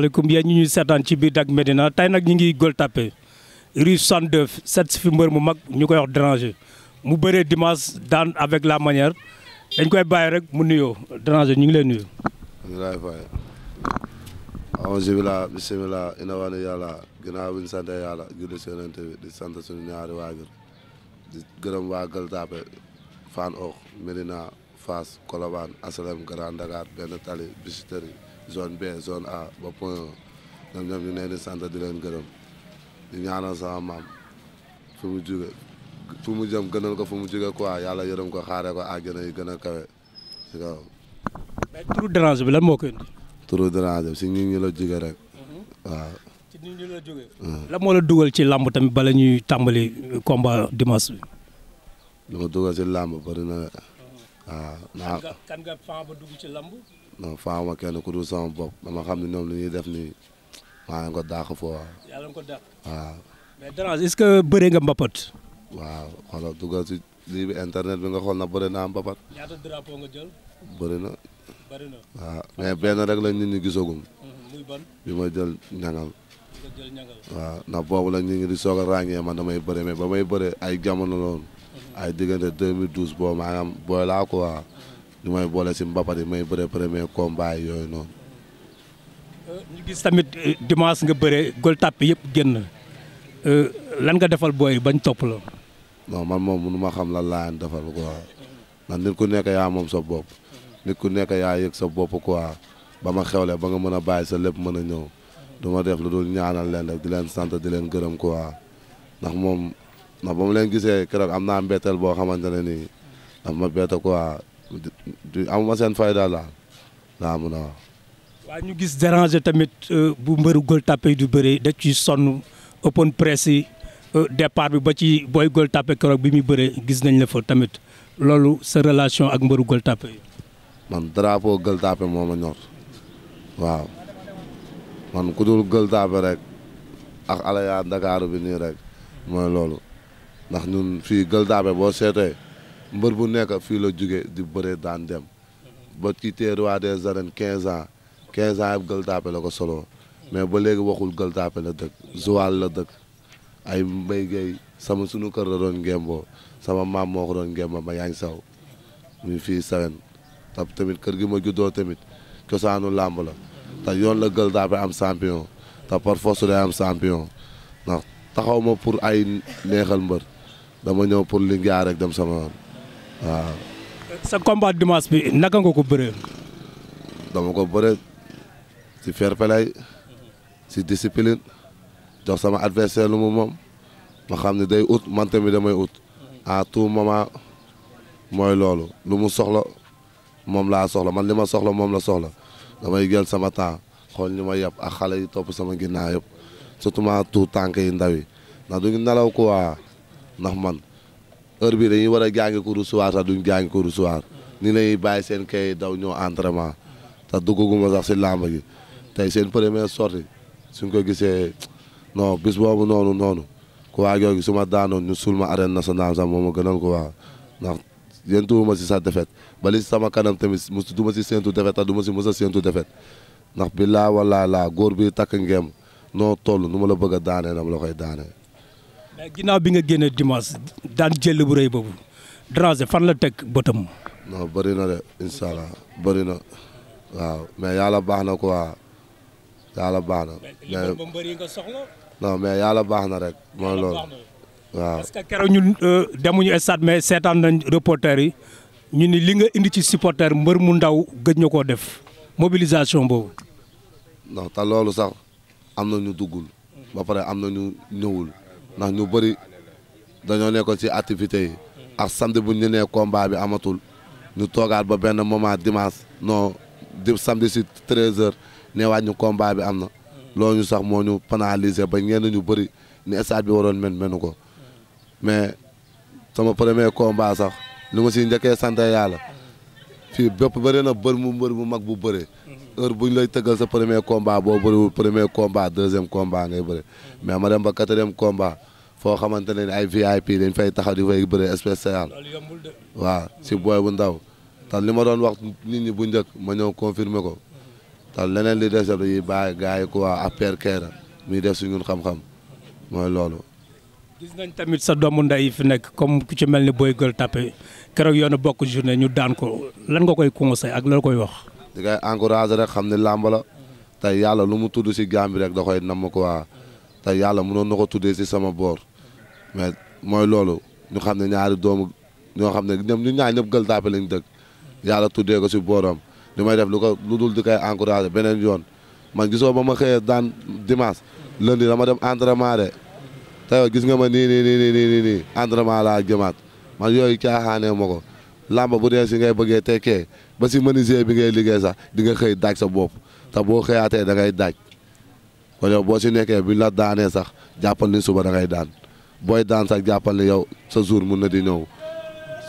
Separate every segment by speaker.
Speaker 1: asalaamaaleykum yéen ñu ñuy seetaan ci biir Dak Médina tey nag ñu ngi Gueule Tapée rue 62 seet si fi mbër mu mag ñu koy wax Déranger mu bëree dimanche daan avec la manière dañ koy bàyyi rek mu nuyoo Déranger ñu ngi leen nuyu.
Speaker 2: alhamdulilah bisimilah ina wane yàlla ginnaaw bi ñu sant yàlla julli si Médina Fass Colobane HLM Grand Dakar benn tali Biscuiterie zone B zone A ba Point E ñoom ñoom ñu leen di sant di leen gërëm maam fu mu jóge fu mu jëm gënal ko fu mu jóge a yàlla yërëm ko xaaree ko àjjana yi gën a kawe si kaw. bi la moo koy indi. turu dérange bi si nit ñi la jóge rek mhm. waaw.
Speaker 1: la mhm. moo la dugal ci làmb tamit bala ñuy tàmbali combat
Speaker 2: dimanche bi. li ma dugal ci làmb bari na. waaw ah, naa
Speaker 1: kan nga fan ba dugg ci lamb.
Speaker 2: non fan ma kenn ku dul sama bopp dama xam ne ñoom li ñuy def nii maa ngi ko dàq foo. yàlla nga waaw. Ah. mais Drange bëre nga mbapat. waaw xoolal dugal si lii bi internet bi nga xool na bëri naa mbapat. ñaata drapeau na. na waaw ah, mais benn rek lañ nit ñi gisagum. Mhm, muy bi ma jël ñangal. nga jël ñangal. waaw ndax boobu la nit ñi di soog a ma man damay bëri mais ba may bëri ay jamono loolu. ay diggante 2012 boo maanaam booy laa quoi li may boole si mbapat yi may bëre premier combat yooyu noonu.
Speaker 1: Euh, ñu gis tamit euh, dimanche nga bëre gol tàpp yëpp génn euh, lan nga defal booy bañ topp la.
Speaker 2: non man moom mënu ma xam lan laa defal quoi ndax nit ku nekk yaa moom sa bopp. nit ku nekk yaa yëg sa bopp quoi ba ma xewle ba nga mën a bàyyi sa lépp mën a ñëw. du ma def lu dul ñaanal leen rek di leen sant di leen gërëm quoi ndax moom. ndax ba mu leen gisee keroog am naa mbetteel boo xamante ne nii am ma bett quoi du amuma seen fayda daal laa mun a wax.
Speaker 1: waa ñu gis déranger tamit euh, bu mbëru Gueule Tapée du bëri da ci sonn open press yi euh, départ bi ba ci booy Gueule Tapée keroog bi muy bëree gis nañ la fa tamit loolu sa relation ak mbëru Gueule Tapée.
Speaker 2: man drapeau Gueule Tapée moo ma ñor waaw man ku dul Gueule Tapée rek ak ala Ndakaaru bi nii rek mooy loolu. ndax ñun fii Gueule Tapée boo seetee mbër bu nekk fii la juge di bëre daan dem ba ci tee roi des arènes 15 ans 15 yëpp Gueule Tapée la ko solo mais ba léegi waxul Gueule Tapée la dëkk Joal la dëkk ay mbay gay sama sunu kër la doon ngemboo sama maam moo ko doon ngemba ma yaa ngi saw muy fii sawen te tamit kër gi ma juddoo tamit cosaanu làmb la te yoon la Gueule Tapée am champion te par force am champion ndax taxaw ma pour ay neexal mbër dama ñëw pour liggéey rek dem sama yoon waaw.
Speaker 1: sa combat dimanche bi naka nga ko bëree.
Speaker 2: dama ko bëree si fair-play ci discipline jox sama adversaire lu mu moom ma xam ne day ut man tamit damay ut à tout moment mooy loolu lu mu soxla moom laa soxla man li ma soxla moom la soxla damay jël sama temps xool ñu ma yeb ak xale yi topp sama ginnaaw yëpp surtout ma tout tànk yi ndaw yi ndax du ngi nelaw ndax man heure bi dañuy war a jàngi cours du soir sax duñ jàngi cours du ni lañuy bàyyi seen kay daw ñoo entraînement te duggaguma sax si làmb gi tey seen première sortie suñ ko gisee no bis boobu noonu noonu ku waa googi su ma daanoon ñu sulma arène nationale sax moom ma gënal ko waa ndax yéen tuuma si sa defet ba sama kanam tamit mu du ma si séntu defet te ma si mos a séntu defet ndax bi laa wala laa góor bi takk ngeem noo toll nu ma la bëgg a daanee nam la koy daanee
Speaker 1: ginnaaw bi nga génne dimanche daan jël bu rëy boobu Dranse fan la teg bëtam.
Speaker 2: non bëri na de incha allah na waaw mais yàlla baax na quoi yàlla baax na. mais li nga mais yàlla baax na rek. mooy loolu waaw. parce que keroog
Speaker 1: ñun euh, demuñu stade mais seetaan nañ reporter yi ñu ni li nga indi ci supporter mbër mu ndaw gëj na koo def mobilisation boobu.
Speaker 2: non te loolu sax am na ñu duggul. ba pare am na ñu ñëwul. nax ñu bëri dañoo nekkoon ci activité yi ak samedi bu ñu nee combat bi amatul ñu toogaat ba benn moment dimanche non di samedi ci treize heures neewaat ñu combat bi am na loolu ñu sax moo ñu pénaliser ba ñenn ñu bëri ni stade bi waroon men menu ko mais sama premier combat sax li ma ci njëkkee sant yàlla fii bépp bëri na bër mu mbër mu mag bu bëree heure bu ñu lay tëggal sa premier combat boo bëriwul premier combat deuxième combat ngay bëri mais ma dem ba quatrième combat foo xamante ne ay VIP dañ fay taxaw di fay bëri spécial waaw si booy bu ndaw tax li ma doon wax nit ñi bu njëkk ma ñëw ko tax leneen li des dañuy bàyyi gars yi quoi affaire keera muy def suñu xam-xam loolu.
Speaker 1: gis tamit sa doomu ndey fi nekk comme ku ci mel ni booy Gueule Tapée keroog yoonu bokk journée ñu daan ko lan nga koy conseil ak la koy wax.
Speaker 2: di koy encouragé rek xam ne làmb la tey yàlla lu mu tudd si gaam bi rek da koy namm quoi tey yàlla mënoon na ko tuddee si sama boor mais mooy loolu ñu xam ne ñaari doomu ñoo xam ne ñoom ñu ñaar ñëpp gël taape lañ dëkk yàlla tuddee ko si booram li may def lu ko lu dul di koy encouragé beneen yoon man gisoo ba ma xëyee daan dimanche lundi dama dem entraînement de tey gis nga ma nii nii nii nii nii entraînement laa jëmaat ma yooyu caaxaanee ma ko làmb bu dee si ngay bëggee tekkee ba si menuisier bi ngay liggéey sax di nga xëy daaj sa bopp te boo xëyaatee da ngay daaj kon yow boo si nekkee bu ñu la daanee sax jàppal ni suba da ngay daan booy daan sax jàppal ni yow sa jour mun na di ñëw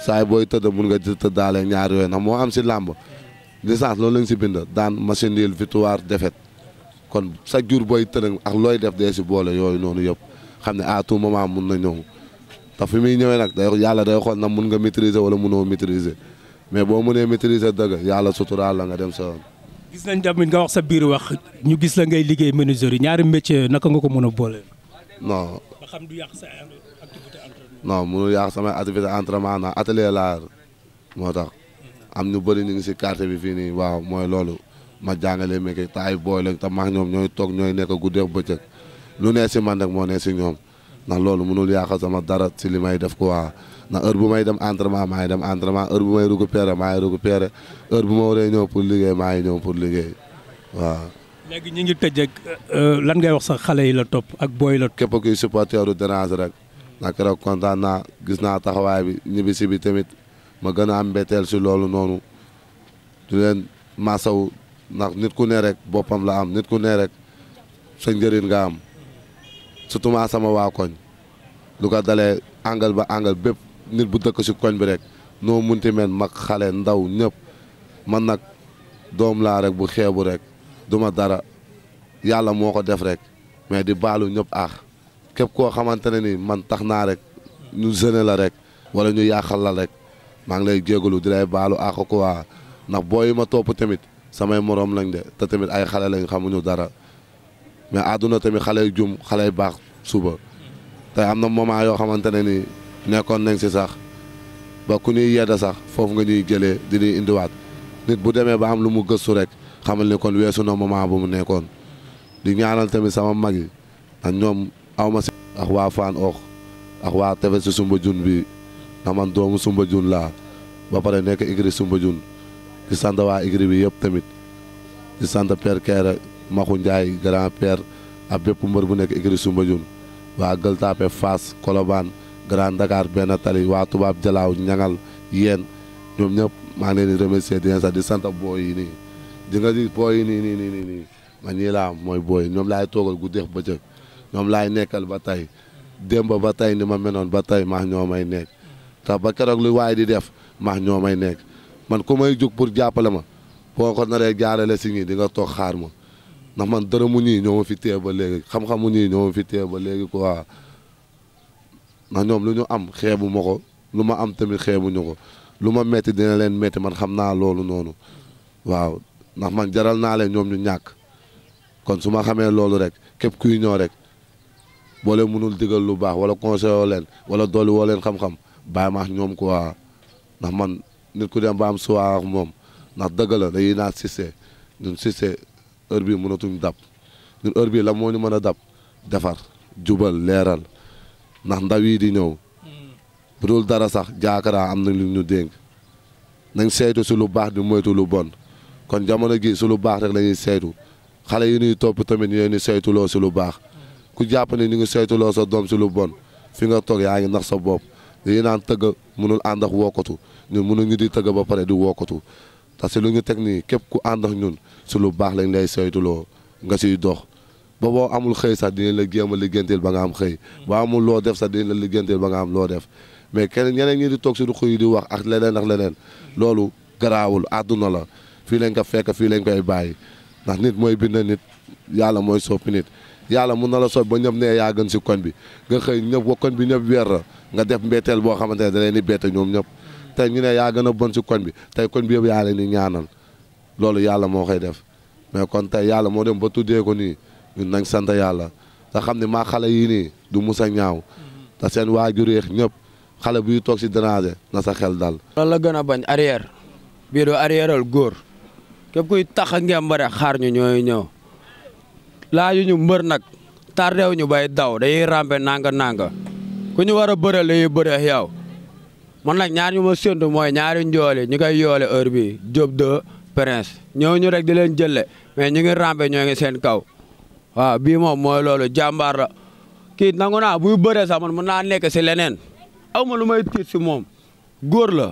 Speaker 2: saay booy tëdd mun nga di tëddaale ñaar yooyu nag moo am si làmb licence loolu lañ si bind daan machine yil victoire défaite kon sa jour booy tëdd ak looy def dee si boole yooyu noonu yëpp xam ne à tout moment mun na ñëw te fi muy ñëwee nag day yàlla day xool na mun nga maîtriser wala munoo maîtriser mais boo mënee maîtriser dëgg yàlla suturaal la nga dem sa yoon.
Speaker 1: gis nañ nga wax sa biir wax ñu gis la ngay liggéey menuiserie ñaari métier naka nga ko mën a boole. noo ba xam du yàq sa activité
Speaker 2: entraînement. non mënul yàq samay activité entraînement na atelier laa moo tax am ñu bëri ñu ngi si quartier bi fii nii waaw mooy loolu ma jàngalee meek te ay booy lañ te ma ñoom ñooy toog ñooy nekk guddeeg bëccëg lu nee si man rek moo ne si ñoom. ndax loolu mënul yàq sama dara ci li may def quoi ndax heure bu may dem entraînement maay dem entraînement heure bu may récupérer maay récupérer heure bu ma waree ñëw pour liggéey maa ngi ñëw pour liggéey waaw.
Speaker 1: léegi ñu ngi tëj
Speaker 2: ak euh, lan ngay wax sax xale yi la topp ak booy la. képp kuy supporteru Dérange rek nag rek kontaan na gis naa taxawaay bi ñibbisi bi tamit ma gën a am mbetteel si loolu noonu du leen maasaw ndax nit ku ne rek boppam la am nit ku ne rek sa njëriñ nga am. surtout maa sama waa koñ lu ko dalee angal ba angal bépp nit bu dëkk si koñ bi rek noo munti meen mag xale ndaw ñëpp man nag doom laa rek bu xeebu rek du ma dara yàlla moo ko def rek mais di baalu ñëpp aax képp koo xamante ne ni man tax naa rek ñu gëne la rek wala ñu yàqal la rek maa ngi lay jégalu di lay baalu aax ko waa ndax booy ma topp tamit samay moroom lañ de te tamit ay xale lañu xamuñu dara mais àdduna tamit xale jum xale yu baax suba te am na moment yoo xamante ne ni nekkoon nañ si sax ba ku ñuy yedda sax foofu nga ñuy jëlee di ñuy indiwaat nit bu demee ba am lu mu gëstu rek xamal ni kon weesu na moment bu mu nekkoon di ñaanal tamit sama mag yi ak ñoom awma si ak waa Faan Ox ak waa tefes si sumba jun bi na man doomu sumba jun laa ba pare nekk igri sumba jun di sant waa igri bi yëpp tamit di sant Père Kéré ma Ndiaye grand père ak bépp mbër bu nekk écurie Soumbédioune waa Gëltape Fass Colobane Grand Dakar benn tali waa tubaab jalaaw ñangal yéen ñoom ñëpp maa ngi leen di remercier di leen sax di sant booy yi nii di nga di booy yi nii nii nii nii nii man mooy booy ñoom laay toogal guddeex bëccëg ñoom laay nekkal ba tey démb ba tey ni ma menoon ba tey maax ñoo may nekk tax ba keroog lu waay di def maax ñoo may nekk man ku may jug pour jàppale ma boo ko na jaarale si di nga toog xaar ma ndax man dara mu ñuy ñoo ma fi téye ba léegi xam-xam mu ñuy ñoo fi téye ba léegi quoi ndax ñoom lu ñu am xeebu ma ko lu ma am tamit xeebuñu ko lu ma metti dina leen metti man xam naa loolu noonu waaw ndax man jaral naa leen ñoom ñu ñàkk kon su ma xamee loolu rek képp kuy ñëw rek boo leen mënul digal lu baax wala conseil woo leen wala dolli woo leen xam-xam bàyyi ma ak ñoom quoi ndax man nit ku dem ba am suwaax moom ndax dëgg la dañuy naan Cissé ñun heure bii mënatuñ dab ñun heure bii la moo ni mën a dab defar jubal leeral ndax ndaw yi di ñëw hmm. bu dul dara sax jaakaraa am na lu ñu dénk nañ saytu si lu baax di moytu lu bon kon jamono gi si lu baax rek la saytu xale yi nuy topp tamit ñoo ñu saytuloo si lu baax hmm. ku jàpp ne ñu ngi saytuloo sa doom si lu bon fi nga toog yaa ngi ndax sa bopp dañuy naan tëgg mënul ànd ak wokkatu ñun mënuñu di tëgg ba pare di wokkatu parce que lu ñu teg nii képp ku ànd ak ñun su lu baax lañ lay saytuloo nga siy dox ba boo amul xëy sax dinañ la jéem a liggéeyanteel ba nga am xëy boo amul loo def sax dinañ la liggéeyanteel ba nga am loo def mais kenn ñeneen ñi di toog si ruq yi di wax ak leneen ak leneen loolu garaawul àdduna la fii lañ ko fekk fii lañ koy bàyyi ndax nit mooy bind nit yàlla mooy soppi nit yàlla mun na la soppi ba ñëpp nee yaa gën si koñ bi nga xëy ñëpp wa koñ bi ñëpp weer la nga def mbetteel boo xamante ne da leen di bette ñoom ñëpp tey ñu ne yaa gën a bon si koñ bi tey koñ bi yëpp yaa leen di ñaanal loolu yàlla moo koy def mais kon tey yàlla moo dem ba tuddee ko nii ñun nañ sant yàlla te xam ne maa xale yii nii du musa ñaaw te seen waajur yeex ñëpp xale buy toog si déranger na sa xel dal.
Speaker 3: loolu la gën a bañ arrière bii doo arrièreal góor képp kuy tax a ngeen xaar ñu ñooy ñëw laaju ñu mbër nag tardé wu ñu bay daw dañuy rampe nanga nanga ku ñu war a bëre la yuy bëre yow. man nag ñaar ñu ma séntu mooy ñaari njoole ñu koy yoole heure bi Diop de Prince ñëw ñu rek di leen jëlle mais ñu ngi rampe ñoo ngi seen kaw waaw bii moom mooy loolu jàmbaar la kiit nangu naa buy bëree sax man mën naa nekk si leneen aw ma lu may tiit si moom góor la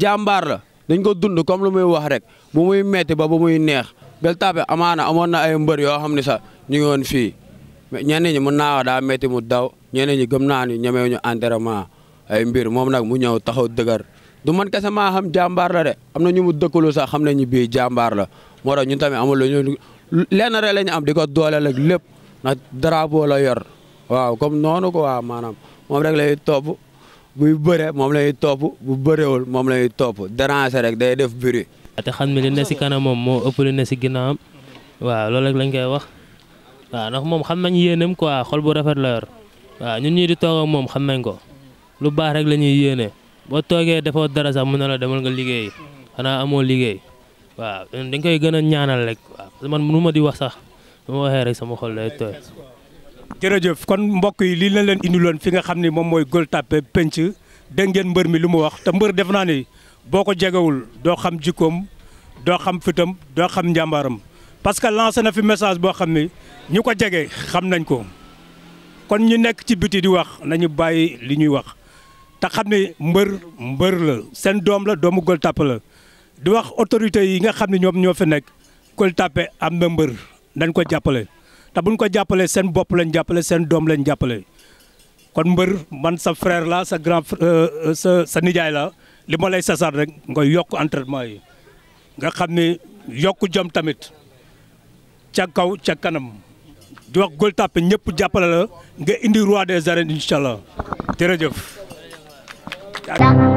Speaker 3: jàmbaar la dañ ko dund comme lu muy wax rek bu muy metti ba bu muy neex bel tape amaana amoon na ay mbër yoo xam ne sax ñu ngi woon fii mais ñi mën naa wax daa metti mu daw ñenn ñi gëm naa ni ñemewuñu entraînement ay mbir moom nag mu ñëw taxaw dëgër du man kese maa xam jàmbaar la de am na ñu mu dëkkalu sax xam nañu biir jàmbaar la moo tax ñun tamit amul la ñu lenn am di ko dooleel ak lépp ndax drapeau la yor waaw comme noonu ko waaw maanaam moom rek lay topp buy bëre moom lay topp bu bërewul moom lay topp déranger rek day def bruit.
Speaker 1: te xam ne li ne si moom moo ëpp li ne si ginnaawam waaw lool rek lañ koy wax waaw ndax moom xam nañ yéenam quoi xol bu rafet la yor waaw ñun ñii di toog moom xam nañ ko. lu baax rek lañuy yéné bo togué dafa dara sax mëna la demal nga liggéey xana amo liggéey waaw dañ koy gëna ñaanal rek man mënuma di wax sax bu waxé rek sama xol lay tooy jërëjëf kon mbokk yi li lañ leen indiloon fi nga xamni mom moy gol tapé pench de ngeen mbeur mi luma wax te mbeur def ni boko ko do xam jikom do xam fitam do xam njambaram parce que lancé na fi message bo xamni ñuko ñu xam nañ ko kon ñu nek ci biti di wax nañu bayyi li ñuy wax te xam ne mbër mbër la seen doom la doomu Gueule Tapée la di wax autorités yi nga xam ne ñoom ñoo fi nekk Gueule am na mbër dañ ko jàppale te buñ ko jàppalee seen bopp lañ jàppale seen doom lañ jàppale kon mbër man sa frère la sa grand euh, euh, sa sa nijaay la li ma lay sasar rek nga yokk entraînement yi nga xam ni yokk jom tamit ca kaw ca kanam di wax Gueule Tapée ñëpp jàppale la nga indi roi des arènes incha allah
Speaker 2: jërëjëf. c e